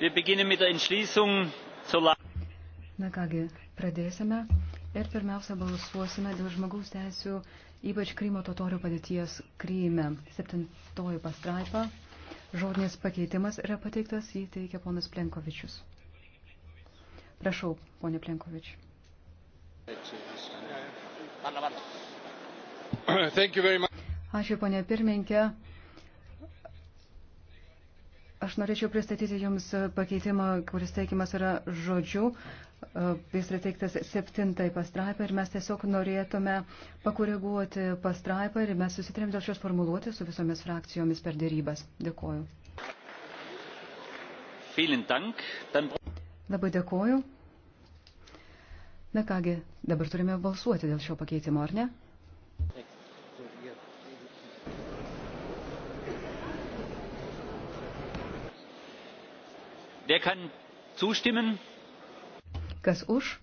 Na kągi, pradėsime ir pirmiausia balsuosime dėl žmogaus teisų, ypač Krymo totorių padėties Kryme. Septintoji pastraipa, žodinis pakeitimas yra pateiktas, jį teikia ponas Plenkovičius. Prašau, ponė Plenkovič. Ačiū, ponė pirmininkė. Aš norėčiau pristatyti Jums pakeitimą, kuris teikimas yra žodžiu. E, jis yra teiktas septintai pastraipai ir mes tiesiog norėtume pakoreguoti pastraipą ir mes susitarėm dėl šios formuluotės su visomis frakcijomis per dėrybas. Dėkoju. Labai dėkoju. Na kągi, dabar turime balsuoti dėl šio pakeitimo, ar ne? Kas už,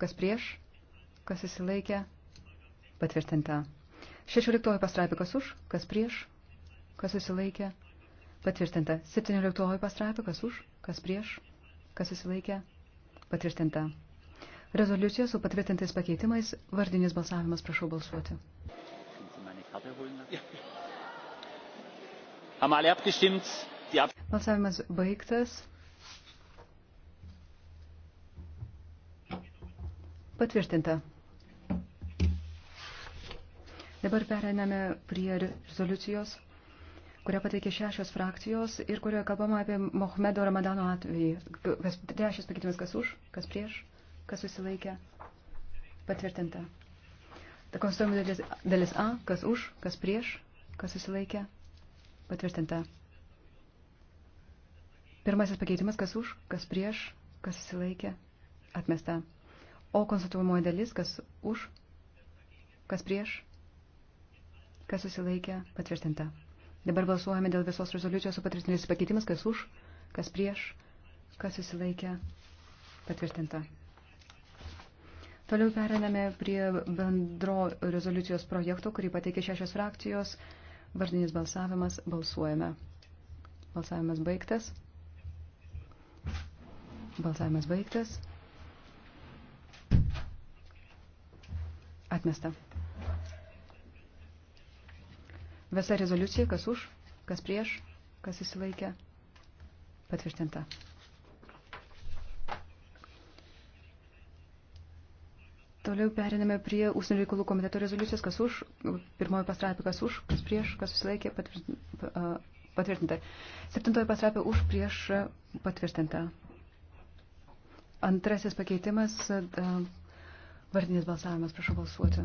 kas prieš, kas įsilaikė, patvirtinta. 16 pastraipė, kas už, kas prieš, kas įsilaikė, patvirtinta. 17 pastraipė, kas už, kas prieš, kas įsilaikė, patvirtinta. Rezoliucija su patvirtintais pakeitimais, vardinis balsavimas, prašau balsuoti. Haben alle abgestimmt? Balsavimas baigtas. Patvirtinta. Dabar pereiname prie rezoliucijos, kurią pateikė šešios frakcijos ir kurioje kalbama apie Mohamedo Ramadano atvejį. Kas dešis pakeitimas, kas už, kas prieš, kas susilaikė. Patvirtinta. Ta konstituojama dalis, dalis A, kas už, kas prieš, kas susilaikė. Patvirtinta. Pirmasis pakeitimas, kas už, kas prieš, kas susilaikė, atmesta. O konstatuojamoji dalis, kas už, kas prieš, kas susilaikė, patvirtinta. Dabar balsuojame dėl visos rezoliucijos su patvirtintais pakeitimas, kas už, kas prieš, kas susilaikė, patvirtinta. Toliau periname prie bendro rezoliucijos projekto, kurį pateikė šešios frakcijos. Vardinis balsavimas balsuojame. Balsavimas baigtas. Balsavimas baigtas. Atmesta. Visa rezoliucija, kas už, kas prieš, kas įsilaikė, patvirtinta. Toliau periname prie užsienio reikalų komiteto rezoliucijos, kas už, pirmoji pastraipė, kas už, kas prieš, kas susilaikė, patvirtinta. Septintoji pastraipė už, prieš, patvirtinta. Antrasis pakeitimas, e, vardinis balsavimas, prašau balsuoti.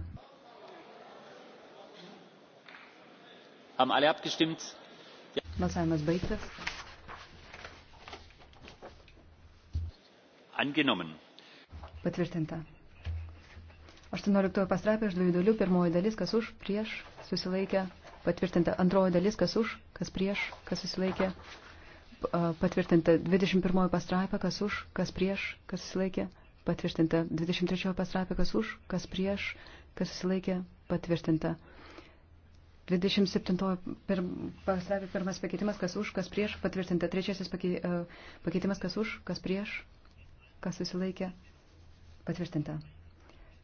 Balsavimas baigtas. Angenomen. Patvirtinta. 18 pastraipė iš dviejų dalių. Pirmoji dalis, kas už, prieš, susilaikė. Patvirtinta. Antroji dalis, kas už, kas prieš, kas susilaikė patvirtinta 21 pastraipą, kas už, kas prieš, kas susilaikė, patvirtinta 23 pastraipą, kas už, kas prieš, kas susilaikė, patvirtinta 27 per, pastraipą, pirmas pakeitimas, kas už, kas prieš, patvirtinta trečiasis pakeitimas, kas už, kas prieš, kas susilaikė, patvirtinta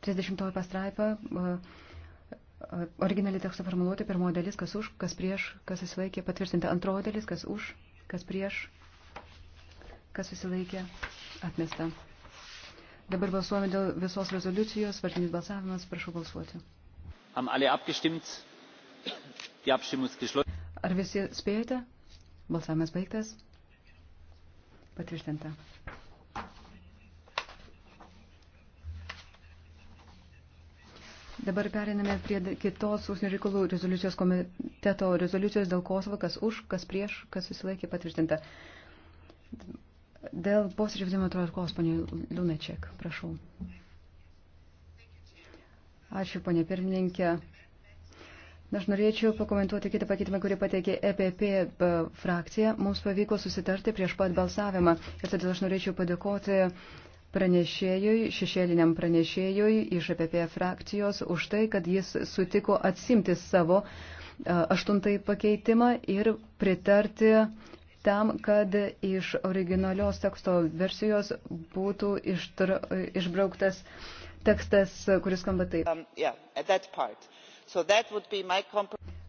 30 pastraipą. Originali teksto formuluoti, pirmoji dalis, kas už, kas prieš, kas susilaikė, patvirtinta antroji dalis, kas už, Kas prieš? Kas susilaikė? Atmesta. Dabar balsuojame dėl visos rezoliucijos. Vartinis balsavimas. Prašau balsuoti. Ar visi spėjote? Balsavimas baigtas. Patvirtinta. Dabar periname prie kitos užsienio reikalų rezoliucijos komiteto rezoliucijos dėl Kosovo, kas už, kas prieš, kas susilaikė patvirtinta. Dėl posėdžio vidimo tvarkos, ponė Lunečiek, prašau. Ačiū, ponė pirmininkė. Aš norėčiau pakomentuoti kitą pakeitimą, kurį pateikė EPP e, frakcija. Mums pavyko susitarti prieš pat balsavimą ir todėl aš norėčiau padėkoti uh, pranešėjui, šešėliniam pranešėjui iš APP e frakcijos už tai, kad jis sutiko atsimti savo e, aštuntąjį pakeitimą ir pritarti tam, kad iš originalios teksto versijos būtų ištra, e, išbrauktas tekstas, kuris skamba taip. Um, yeah,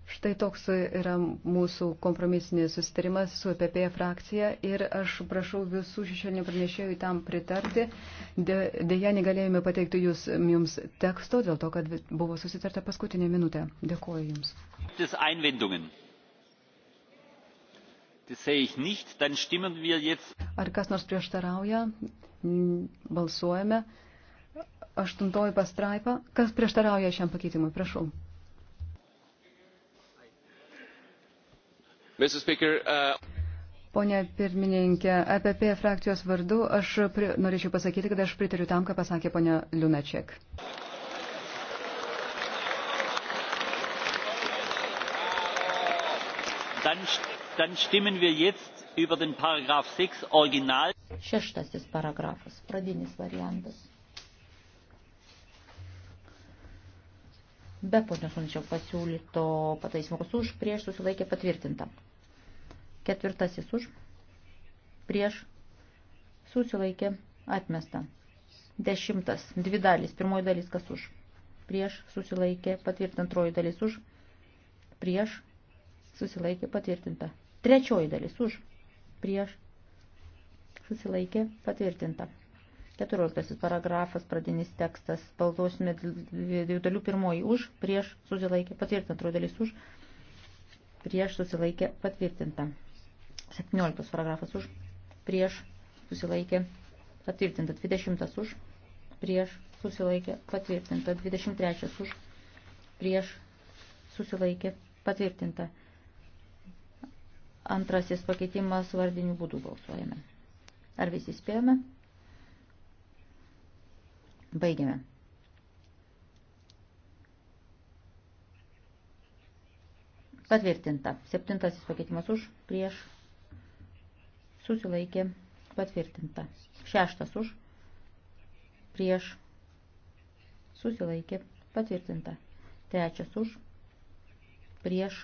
Štai toks yra mūsų kompromisinis susitarimas su EPP frakcija ir aš prašau visų šešėlinių pranešėjų tam pritarti. Deja, negalėjome pateikti jūs, jums teksto dėl to, kad buvo susitarta paskutinė minutė. Dėkuoju jums. Ar kas nors prieštarauja? Balsuojame. Aštuntoji pastraipa. Kas prieštarauja šiam pakeitimui? Prašau. Uh, Pone pirmininkė, APP e frakcijos vardu aš pri, norėčiau pasakyti, kad aš pritariu tam, ką pasakė ponia Liunačiek. Dann, dann stimmen wir jetzt über den Paragraph 6 Original. Šeštasis paragrafas, pradinis variantas. Be ponios Ončio pasiūlyto pataisimo, kas už prieš susilaikė patvirtinta. Ketvirtasis už, prieš, susilaikė, atmesta. Dešimtas, dvi dalys, pirmoji dalis kas už, prieš, susilaikė, patvirtinta. Antroji dalis už, prieš, susilaikė, patvirtinta. Trečioji dalis už, prieš, susilaikė, patvirtinta. 14 paragrafas, pradinis tekstas, balsuosime dviejų dalių pirmoji už, prieš, susilaikė, patvirtinta, antroji dalis už, prieš, susilaikė, patvirtinta. 17 paragrafas už, prieš, susilaikė, patvirtinta 20 už, prieš, susilaikė, patvirtinta 23 už, prieš, susilaikė, patvirtinta. Antrasis pakeitimas vardinių būdų balsuojame. Ar visi spėjome? Baigiame. Patvirtinta. Septintasis pakeitimas už, prieš, susilaikė patvirtinta. Šeštas už, prieš, susilaikė patvirtinta. Trečias už, prieš,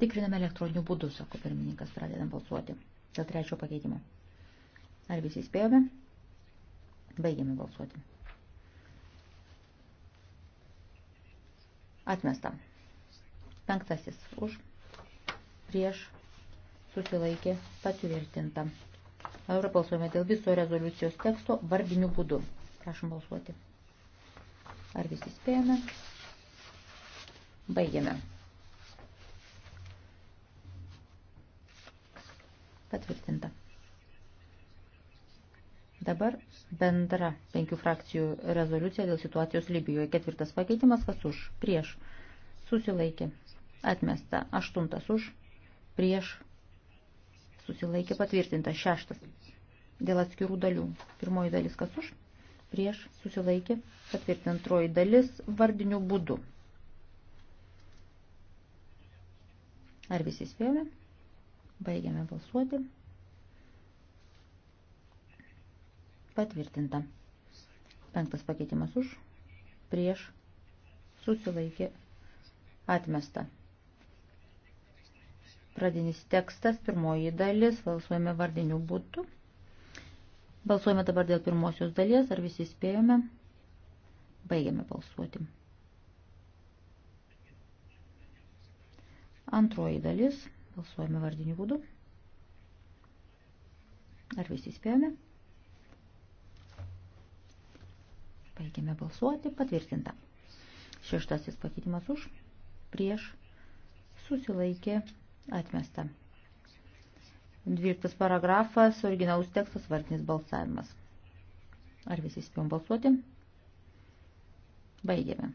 tikriname elektroninių būdų, sako pirmininkas, pradedam balsuoti dėl trečio pakeitimo. Ar visi spėjome? Baigiame balsuoti. Atmestam. Penktasis už, prieš, susilaikė, patvirtinta. Dabar balsuojame dėl viso rezoliucijos teksto vardiniu būdu. Prašom balsuoti. Ar visi spėjame? Baigiame. Patvirtinta. Dabar bendra penkių frakcijų rezoliucija dėl situacijos Libijoje. Ketvirtas pakeitimas, kas už, prieš, susilaikė, atmesta, aštuntas už, prieš, susilaikė patvirtinta, šeštas, dėl atskirų dalių, pirmoji dalis kas už, prieš, susilaikė, patvirtinta, antroji dalis vardinių būdų. Ar visi spėjome? Baigiame balsuoti. Patvirtinta. Penktas pakeitimas už, prieš, susilaikė, atmesta. Pradinis tekstas, pirmoji dalis, balsuojame vardiniu būdu. Balsuojame dabar dėl pirmosios dalies, ar visi spėjome. Baigiame balsuoti. Antroji dalis, balsuojame vardiniu būdu. Ar visi spėjome? Baigiame balsuoti, patvirtinta. Šeštasis pakeitimas už, prieš, susilaikė, Atmesta. 12 paragrafas, originalus tekstas, vartinis balsavimas. Ar visi spėjom balsuoti? Baigėme.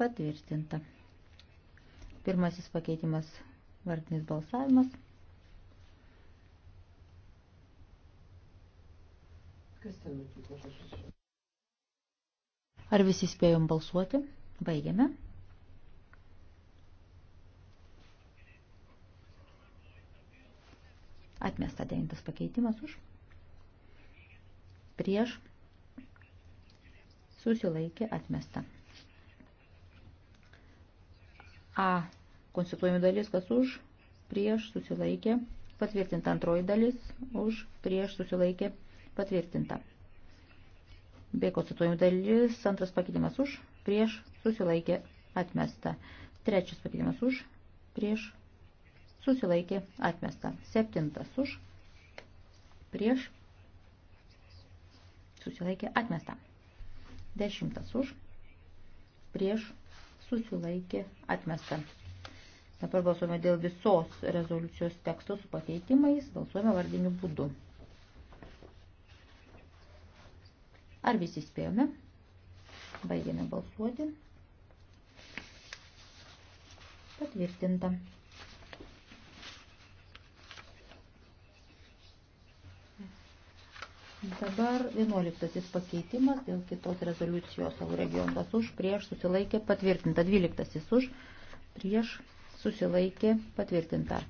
Patvirtinta. Pirmasis pakeitimas vardinis balsavimas. Ar visi spėjom balsuoti? Baigėme. atmesta devintas pakeitimas už, prieš, susilaikė atmesta. A. Konstituojami dalis, kas už, prieš, susilaikė, patvirtinta antroji dalis, už, prieš, susilaikė, patvirtinta. B. Konstituojami dalis, antras pakeitimas už, prieš, susilaikė, atmesta. Trečias pakeitimas už, prieš, susilaikė atmesta. Septintas už, prieš, susilaikė atmesta. Dešimtas už, prieš, susilaikė atmesta. Dabar balsuojame dėl visos rezoliucijos teksto su pakeitimais, balsuojame vardiniu būdu. Ar visi spėjome? Baigėme balsuoti. Patvirtinta. Dabar 11 pakeitimas dėl kitos rezoliucijos savo regionas už, prieš susilaikė patvirtinta. 12 už, prieš susilaikė patvirtinta.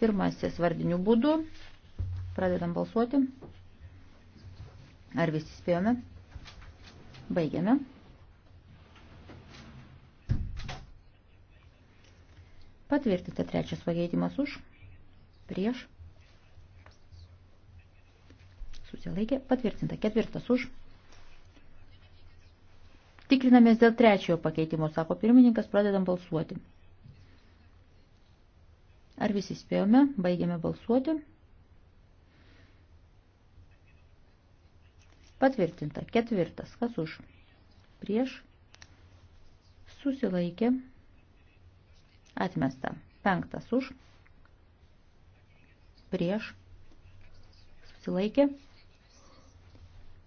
Pirmasis vardinių būdų. Pradedam balsuoti. Ar visi spėjome? Baigiame. Patvirtinta trečias pakeitimas už, prieš susilaikė, patvirtinta. Ketvirtas už. Tikrinamės dėl trečiojo pakeitimo, sako pirmininkas, pradedam balsuoti. Ar visi spėjome? Baigėme balsuoti. Patvirtinta. Ketvirtas. Kas už? Prieš. Susilaikė. Atmesta. Penktas už. Prieš. Susilaikė.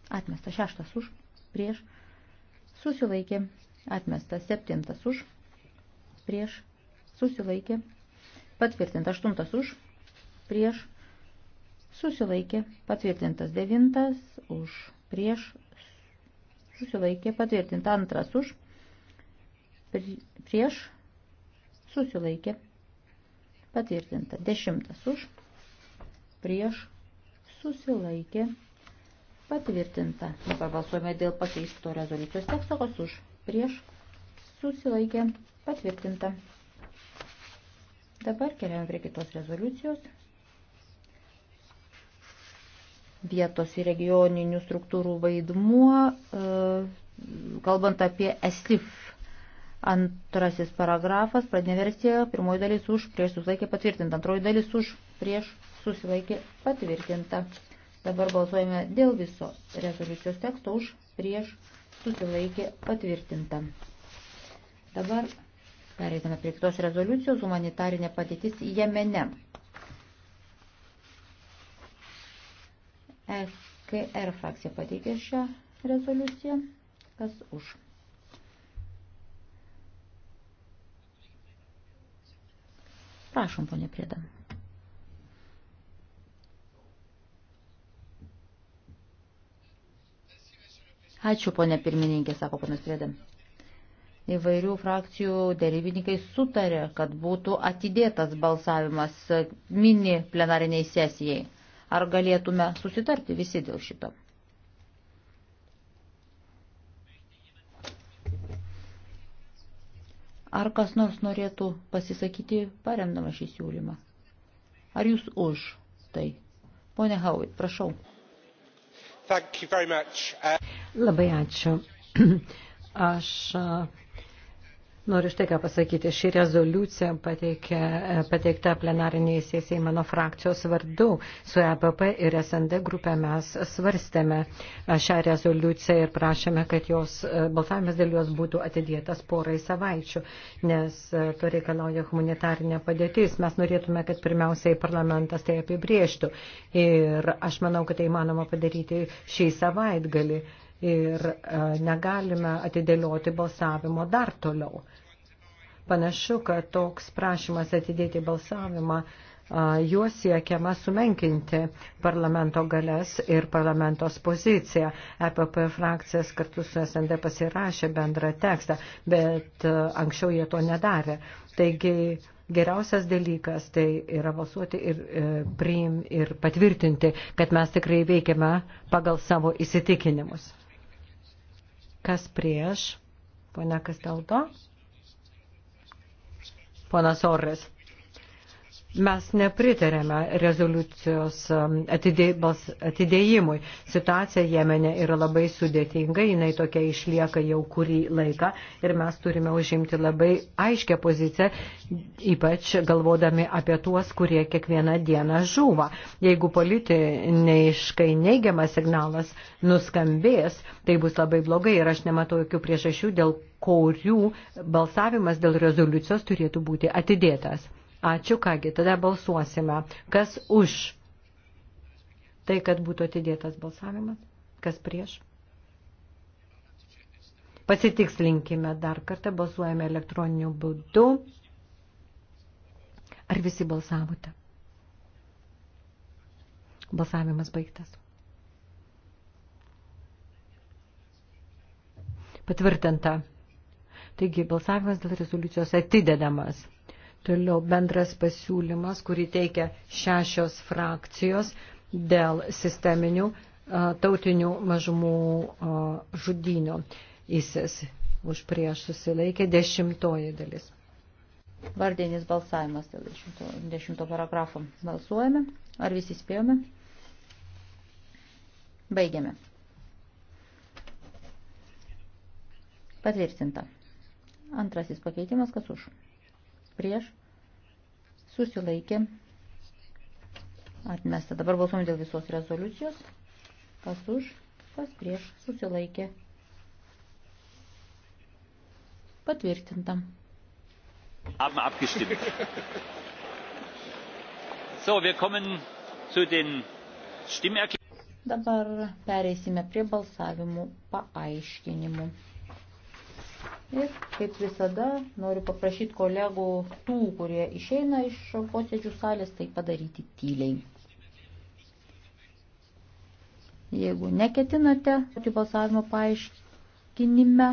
Atmesta šeštas už, prieš, susilaikė. Atmesta septintas už, prieš, susilaikė. Patvirtinta aštuntas už, prieš, susilaikė. Patvirtintas devintas už, prieš, susilaikė. Patvirtinta antras už, prieš, susilaikė. Patvirtinta dešimtas už, prieš, susilaikė. Patvirtinta. Dabar balsuojame dėl pakeisto rezoliucijos teksto, kas už prieš susilaikė. Patvirtinta. Dabar keliame prie kitos rezoliucijos. Vietos ir regioninių struktūrų vaidmuo, e, kalbant apie ESLIF. Antrasis paragrafas, pradinė versija, pirmoji dalis už, prieš susilaikė patvirtinta, antroji dalis už, prieš susilaikė patvirtinta. Dabar balsuojame dėl viso rezoliucijos teksto už prieš susilaikė patvirtinta. Dabar pereitame prie kitos rezoliucijos humanitarinė padėtis Jemene. SKR e frakcija pateikė šią rezoliuciją. Kas už? Prašom, ponė Priedam. Ačiū, ponė pirmininkė, sako ponas Prėdė. Įvairių frakcijų dėrybininkai sutarė, kad būtų atidėtas balsavimas mini plenariniai sesijai. Ar galėtume susitarti visi dėl šito? Ar kas nors norėtų pasisakyti paremdama šį siūlymą? Ar jūs už tai? Pone Hauit, prašau. Uh, Labai ačiū. Aš uh, Noriu štai ką pasakyti. Ši rezoliucija pateikė, pateikta plenariniai sesijai mano frakcijos vardu. Su EPP ir SND grupė mes svarstėme šią rezoliuciją ir prašėme, kad jos balsavimas dėl jos būtų atidėtas porai savaičių, nes to reikalauja humanitarinė padėtis. Mes norėtume, kad pirmiausiai parlamentas tai apibrieštų. Ir aš manau, kad tai įmanoma padaryti šį savaitgalį ir e, negalime atidėlioti balsavimo dar toliau. Panašu, kad toks prašymas atidėti balsavimą e, juos siekiama sumenkinti parlamento galės ir parlamentos poziciją. EPP frakcijas kartu su SND pasirašė bendrą tekstą, bet e, anksčiau jie to nedarė. Taigi geriausias dalykas tai yra balsuoti ir, priim, ir patvirtinti, kad mes tikrai veikiame pagal savo įsitikinimus. Kas prieš? Pone Kastelto? Ponas Orres. Mes nepritarėme rezoliucijos um, atidėjimui. Situacija Jemene yra labai sudėtinga, jinai tokia išlieka jau kurį laiką ir mes turime užimti labai aiškę poziciją, ypač galvodami apie tuos, kurie kiekvieną dieną žūva. Jeigu politiniškai neigiamas signalas nuskambės, tai bus labai blogai ir aš nematau jokių priežasčių, dėl kurių balsavimas dėl rezoliucijos turėtų būti atidėtas. Ačiū, kągi, tada balsuosime. Kas už tai, kad būtų atidėtas balsavimas? Kas prieš? Pasitikslinkime dar kartą, balsuojame elektroniniu būdu. Ar visi balsavote? Balsavimas baigtas. Patvirtinta. Taigi balsavimas dėl rezoliucijos atidedamas. Toliau bendras pasiūlymas, kurį teikia šešios frakcijos dėl sisteminių tautinių mažumų žudinių. Įsis už prieš susilaikė dešimtoji dalis. Vardinis balsavimas dėl dešimto, dešimto paragrafo. Balsuojame. Ar visi spėjome? Baigiame. Patvirtinta. Antrasis pakeitimas, kas už prieš, susilaikė, atmesta. Dabar balsuom dėl visos rezoliucijos, kas už, kas prieš, susilaikė, patvirtinta. Haben abgestimmt. So, wir kommen zu den Stimmerklärungen. Dabar pereisime prie balsavimų paaiškinimų. Ir kaip visada noriu paprašyti kolegų tų, kurie išeina iš posėdžių salės, tai padaryti tyliai. Jeigu neketinate, balsavimo paaiškinime